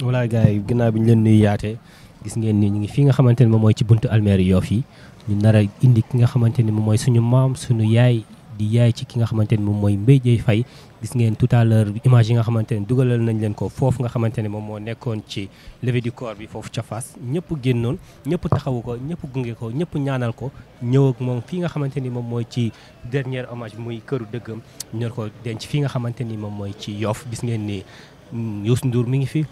voilà gars yi ginnaaw bi ñu leen nuyu yaatee gis ngeen ni ñu ngi fii nga xamante ne moom mooy ci buntu almeeri Yoff yi ñu nar a indi ki nga xamante ni moom mooy suñu maam suñu yaay di yaay ki nga xamante ni moom mooy Mbaye Dieye gis ngeen tout à l'heure image yi nga xamante ne dugalal nañ leen ko foofu nga xamante ne moom moo nekkoon ci levée du corps bi foofu ca fas ñëpp génnoon ñëpp taxawu ko ñëpp gunge ko ñëpp ñaanal ko ñëw ak moom fii nga xamante ni moom mooy ci dernier hommage muy këru dëggam ñor ko denc fii nga xamante ni moom mooy ci Yoff gis ngeen ni mm, Youssou mi ngi fi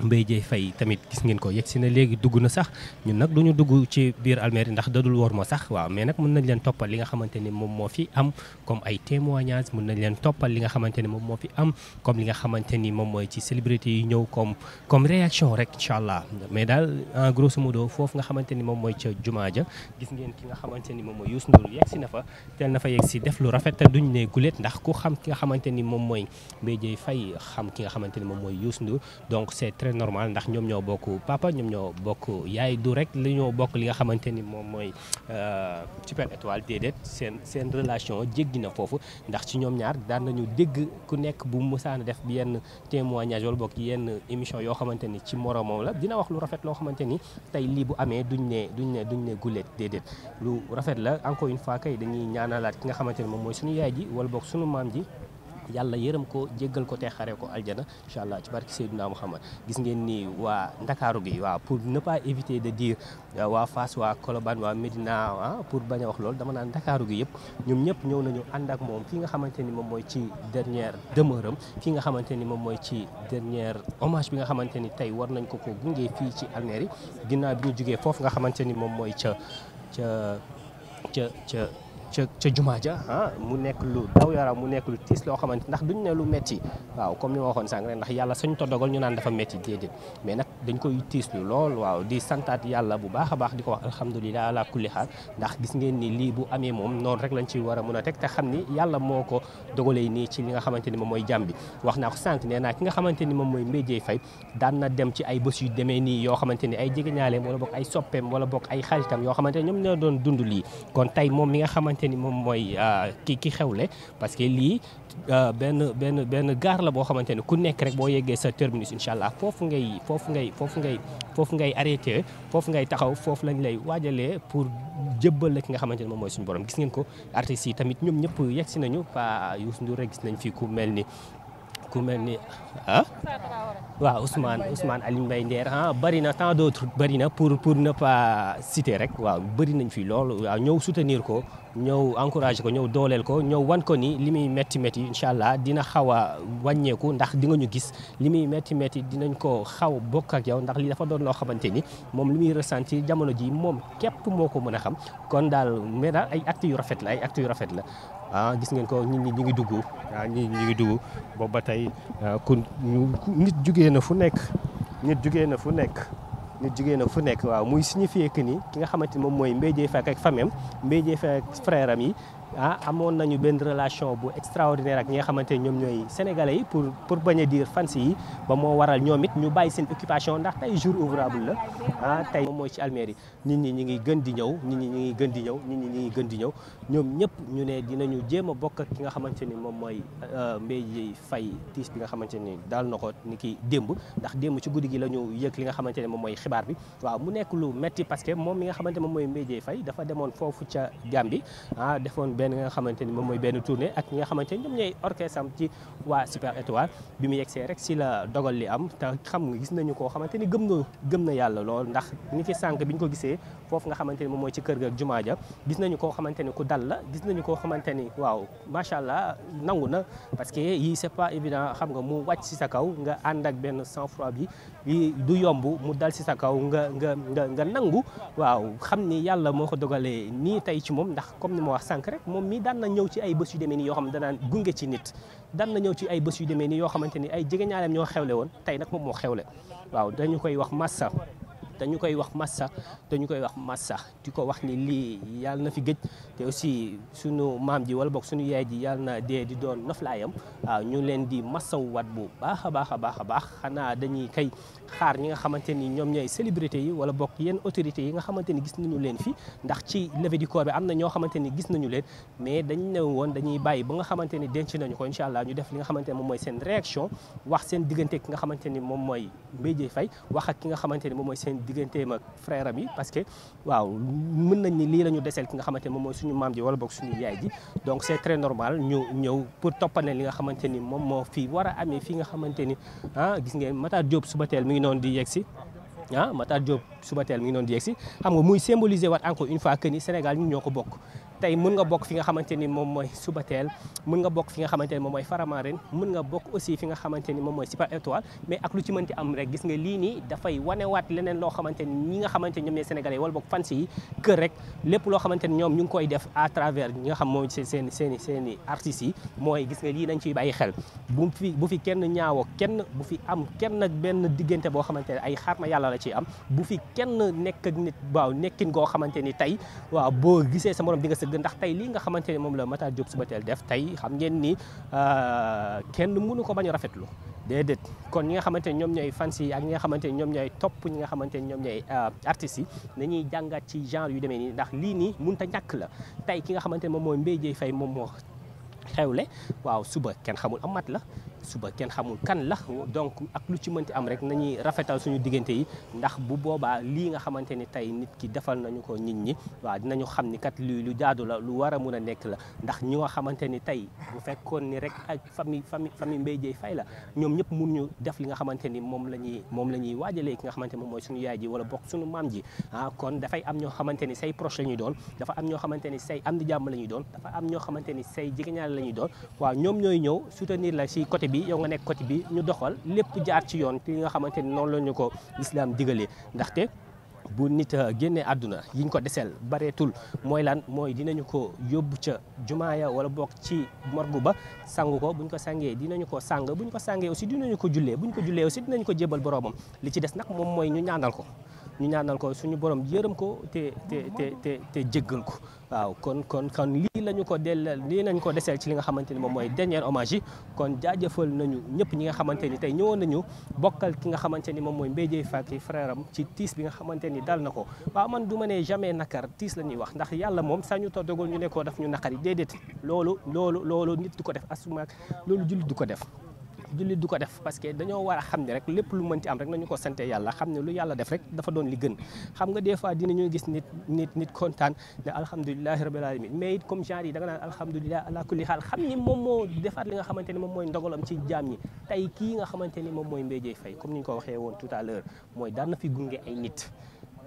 Mbaye Dieye Faye tamit gis ngeen ko yegg na léegi dugg na sax ñun nag du ñu dugg ci biir almeeri ndax dadul wor ma sax waaw mais nag mën nañ leen toppal li nga xamante ni moo fi am comme ay témoignages mën nañ leen ni moom moo mooy ci célébrité yi ñëw comme comme réaction rek incha allah mais daal en grosso modo foofu nga xamante ni moom mooy ca jumaa ja gis ngeen ki nga xamante ni moom mooy Youssou Ndour yegg si na fa teel na fa yegg def lu rafet te duñ ne gulet ndax ku xam ki nga xamante ni moom mooy Mbaye Dieye Faye xam ki nga ni moom mooy Youssou Ndour donc c'est très normal ndax ñoom ñoo bokk papa ñoom ñoo bokk yaay du rek li ñoo bokk li nga xamante ni moom mooy euh, super étoile déedéet seen seen relation jéggi na foofu ndax ci ñoom ñaar daan nañu dégg ku nekk bu mësaan def yenn témoignage wala bokk yenn émission yoo xamante ni ci moromam la dina wax lu rafet loo xamante ni tey lii bu amee duñ ne duñ ne duñ ne guléet déedéet lu rafet la encore une fois kay dañuy ñaanalaat ki nga xamante ni moom mooy suñu yaay ji wala bokk suñu maam ji yàlla yërëm ko jéggal ko te xare ko aljana incha allah ci barke Seydina Muhammad gis ngeen ni waa ndakaaru gi waa pour ne pas éviter de dire euh, waa Fass waa Colobane waa Médina ah pour baña wax loolu dama naan ndakaaru gi yëpp ñoom ñëpp ñëw nañu ànd ak moom fi nga xamante ni moom mooy ci dernière demeure am ki nga xamante ni moom mooy ci dernière hommage bi nga xamante ni tey war nañ ko ko gunge fii ci Almeri dinaa bi ñu jugee foofu nga xamante ni moom mooy ca ca ca ca ca ca jumaa ja ah mu nekk lu daw yaram mu nekk lu tiis loo xamante ndax ne lu metti waaw comme ni ma ndax yàlla sañ to dogal ñu naan dafa metti déedéet mais nag dañ koy tiis lu lool waaw di santaat yàlla bu baax a baax di ko wax alhamdulilah ala kulli xaal ndax gis ngeen ni lii bu amee moom rek lañ ci war a mën a teg te xam ni yàlla moo ko dogalee nii ci li nga xamante ni moom mooy jàmm wax naa ko sànq nee naa ki nga xamante ni moom mooy mbéjee fay daan na dem ci ay bés yu demee nii yoo xamante ni ay jegeñaaleem wala bokk ay soppeem wala bokk ay xaritam yoo xamante ni ñoom ñoo doon dund lii kon tey moom mi nga xamante xamante ni moom mooy euh, ki xew le parce que lii euh, benn benn benn gaar la boo xamante ni ku nekk rek boo yeggee sa terminus incha allah foofu ngay foofu ngay foofu foofu ngay arrêté foofu ngay taxaw foofu lañ lay waajalee pour jëbbal la ki nga xamante ni moom mooy suñu borom gis ngeen ko artistes yi tamit ñoom ñëpp yegg si nañu Pa Youssou Ndour rek gis nañ fi ku mel ni ku mel ni ah? waaw Ousmane Ousmane Alioune Mbaye Nder ah bëri na tant d' autres bëri na pour pour ne pa citer rek waaw bëri nañ fi lool ñëw soutenir ko ñëw encouragé ko ñëw dooleel ko ñëw wan ko ni li muy métti métti incha allah dina xaw a wàññeeku ndax di nga ñu gis li muy métti métti dinañ ko xaw bokk ak yow ndax li dafa doon loo xamante ni moom li muy ressenti jamono ji moom képp moo ko mën a xam kon daal mais ay actes yu rafet la ay actes yu rafet la ah gis ngeen ko ñi ñi ngi dugg ah ñi ñi ngi ba tey ah, ku na fu nekk nit jugee na fu nekk nit jugee na fu nekk waaw muy signifier que ni ki nga xamante ni moom mooy Mbaye Dièye Faye ak famem Mbaye Dièye Faye ak yi ah amoon nañu benn relation bu extraordinaire ak ñi nga xamante ñoom ñooy sénégalais yi pour pour bañ a dire fans moo waral ñoom it ñu bàyyi seen occupation ndax tey jour la ah tey mooy ci Almeri nit ñi ñi ngi gën di ñëw nit ñi ñi ngi gën di ñëw nit ñi ñi gën di ñëw ñoom ñëpp ñu ne dinañu jéem a bokk ak ki nga xamante ni moom mooy euh, Mbaye Faye tiis bi nga xamante ni daal na ko ni ki démb ndax démb ci guddi gi la ñu yëg li nga xamante ne moom mooy xibaar bi waaw mu nekk lu metti parce que moom mi nga xamante moom mooy Mbaye Faye dafa demoon foofu ca Gambie ah defoon benn nga xamante ni moom mooy benn tournée ak ñi nga xamante ni ñoom ñooy orchestre am ci waa Super Étoile bi mu yegsee rek si la dogal li am te xam nga gis nañu koo xamante ni gëm na gëm na yàlla lool ndax ni ki sànq bi ñu ko gisee foofu nga xamante ni moom mooy ci kër ga jumaa ja gis nañu koo xamante ni ku dal la gis nañu koo xamante ni waaw macha allah nangu na parce que yii c'est pas évident xam nga mu wàcc si sa kaw nga ànd ak benn sang froid bi du yomb mu dal si sa kaw nga nga nangu waaw xam ni yàlla moo ko dogalee nii tey ci moom ndax comme ni ma wax sànq rek moom mii daan na ñëw ci ay bés yu demee nii yoo xam ne danaan gunge ci nit daan na ñëw ci ay bés yu demee nii yoo xamante ni ay jegeñaaleem ñoo xewle woon tey nag moom moo xewle waaw dañu koy wax massa dañu koy wax massa dañu koy wax massa di ko wax nii lii yàlla na fi gëj te aussi sunu maam ji wala boog sunu yaay ji yàlla na dee di doon noflaayam waaw ñu leen di massaw wat bu baax a baax a baax a baax xanaa dañuy kay xaar ñi nga xamante ni ñoom ñooy célébrité yi wala bokk yenn autorités yi nga xamante gis nañu leen fi ndax ci levée du corps bi am na ñoo xamante gis nañu leen mais dañ ne woon dañuy bàyyi ba nga xamante ni denc nañu ko incha allah ñu def nga xamante ni moom mooy seen réaction wax seen diggante ki nga xamante ni moom mooy Mbaye Dièye ki nga xamante ni moom mooy seen digganteem ak frère am yi parce que waaw mën nañ lii la ñu deseel ki nga xamante ni moom mooy suñu maam ji wala bokk suñu yaay ji donc li nga xamante ni moom moo fi war a amee fi nga xamante ni ah gis ngeen Matar Diop suba teel mi ngi ngi noonu di yegsi ah Matar Diop suba teel mi ngi noonu di yegsi xam nga muy symboliser waat encore une fois que ni Sénégal ñoo ko bokk tey mën nga bokk fi nga xamante ni moom mooy Subatel mën nga bokk fi nga xamante ni moom mooy Faramareen mën nga bokk aussi fi nga xamante ni moom mooy Super Étoile mais ak lu ci mënti am rek gis loo xamante ni ñi nga xamante ni ñoom ñooy sénégalais wala bokk fans yi kër lépp loo xamante ni ñoom ñu ngi koy def à travers ñi nga xam mooy seen seen seen seeni artistes gis nga lii nañ ciy bàyyi xel bu fi bu fi kenn ñaawoo kenn bu fi am kenn ak benn diggante boo xamante ne ay xarma yàlla la ciy am bu fi kenn nekk ak nit waaw nekkin koo xamante ni tey waaw boo gisee sa morom di nga dëgg ndax tey lii nga xamante ne moom la Matar Diop Soubatel def tey xam ngeen ni euh, kenn mënu ko bañ a rafetlu déedéet kon ñi nga xamante ne ñoom ñooy fans yi ak ñi nga xamante ne ñoom ñooy topp ñi nga xamante ne ñoom ñooy euh, artistes yi nañuy jàngat ci genre yu demee nii ndax lii nii mënut a ñàkk la tey ki nga xamante ne moom mooy Mbaye jee Faye moom moo xewle waaw suba kenn xamul am mat la suba kenn xamul kan la donc ak lu ci mënti am rek nañuy rafetal suñu diggante yi ndax bu boobaa lii nga xamante ni tey nit ki defal nañu ko nit ñi waaw dinañu xam ni kat lu lu jaadu la lu war a mun a nekk la ndax ñi nga xamante ni tey bu fekkoon ni rek ak famille famille famille Mbaye Dièye Faye la ñoom ñëpp mun ñu def li nga xamante ni moom la ñuy moom la ñuy waajalee ki nga xamante moom mooy suñu yaay ji wala bokk suñu maam ji ah, kon dafay am ñoo xamante ni say proche la ñuy doon dafa am ñoo xamante ni say am jàmm la ñuy doon dafa am ñoo xamante ni say jegeñaale la ñuy bi yow nga nekk côté bi ñu doxal lépp jaar ci yoon yi nga xamante ni noonu lañu ñu ko lislaam digalee ndaxte bu nit génnee àdduna yiñ ko deseel bareetul mooy lan mooy dinañu ko yóbbu ca ya wala bokk ci morgu ba sangu ko bu ñu ko sangee dinañu ko sang bu ñu ko sangee aussi dinañu ko jullee buñ ko jullee aussi dinañu ko jébal boroomam li ci des nag moom mooy ñu ñaanal ko ñu ñaanal ko suñu borom yërëm ko te te te te ko waaw kon kon kon lii lañu ko dellal lii lañu ko deseel ci li nga xamante ni moom mooy dernier omage kon jaajëfal nañu ñëpp ñi nga xamante ni tey ñëwoon nañu bokkal ki nga xamante ni moom mooy Mbaye Dièye Faty frère am ci tiis bi nga xamante ni dal na ko waaw man du ma ne jamais nakar tiis la ñuy wax ndax yàlla moom sañu ta dogal ñu ne ko daf ñu naqar yi déedéet loolu loolu loolu nit du ko def asumaak loolu jullit du ko def jullit du ko def parce que dañoo war a xam ne rek lépp lu mën ci am rek nañu ko sante yàlla xam ne lu yàlla def rek dafa doon li gën xam nga des fois dinañu gis nit nit nit kontaan ne alhamdulilahi rabbil alamin mais it comme genre yi da nga naan alhamdulilah ala moo defaat li nga xamante ni moom mooy ndogalam ci jaam ñi tey kii nga xamante ni moom mooy Mbaye Dieye comme ni ñu ko waxee woon tout à l'heure mooy daan na fi gunge ay nit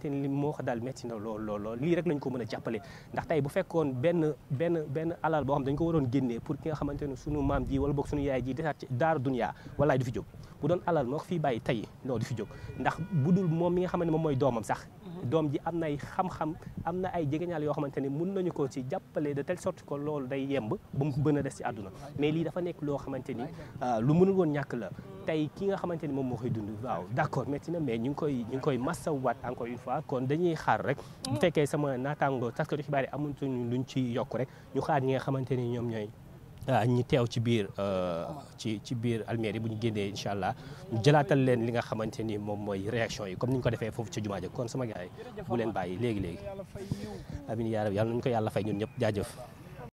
xamante ni li moo ko daal metti na lool lool lool lii rek lañ ko mën a jàppale ndax tey bu fekkoon benn benn benn alal boo xam dañ ko waroon génnee pour ki nga xamante ne sunu maam ji wala boog sunu yaay ji desaat ci daara dunya walaay du fi jóg bu doon alal moo ko fii bàyyi tey non du fi jóg ndax bu dul moom mi nga xamante ne moom mooy doomam sax mhm. doom ji am na ay xam-xam am na ay jegeñaal yoo xamante ne mun nañu ko ci jàppale de telle sorte que loolu day yemb ba mu bën a des ci àdduna mais lii dafa nekk loo xamante ni euh, lu mënul woon ñàkk la tey ki nga xamante ni moom moo koy dund waaw d'accord métti na mais ñu ngi koy ñu ngi koy masawaat encore une fois kon dañuy xaar rek bu fekkee sama naataango taskatu xibaar yi amutuñu luñ ci yokk rek ñu xaar ñi nga xamante ni ñoom ñooy ah, ñi teew ci biir euh, ci ci biir almeeri bu ñu génnee incha allah jëlaatal leen li nga xamante ni moom mooy réaction yi comme ni ko defee foofu ci jumaa ja kon sama gars yi bu léegi-léegi amin yaa rabbi yàlla ko yàlla fay ñun ñëpp jaajëf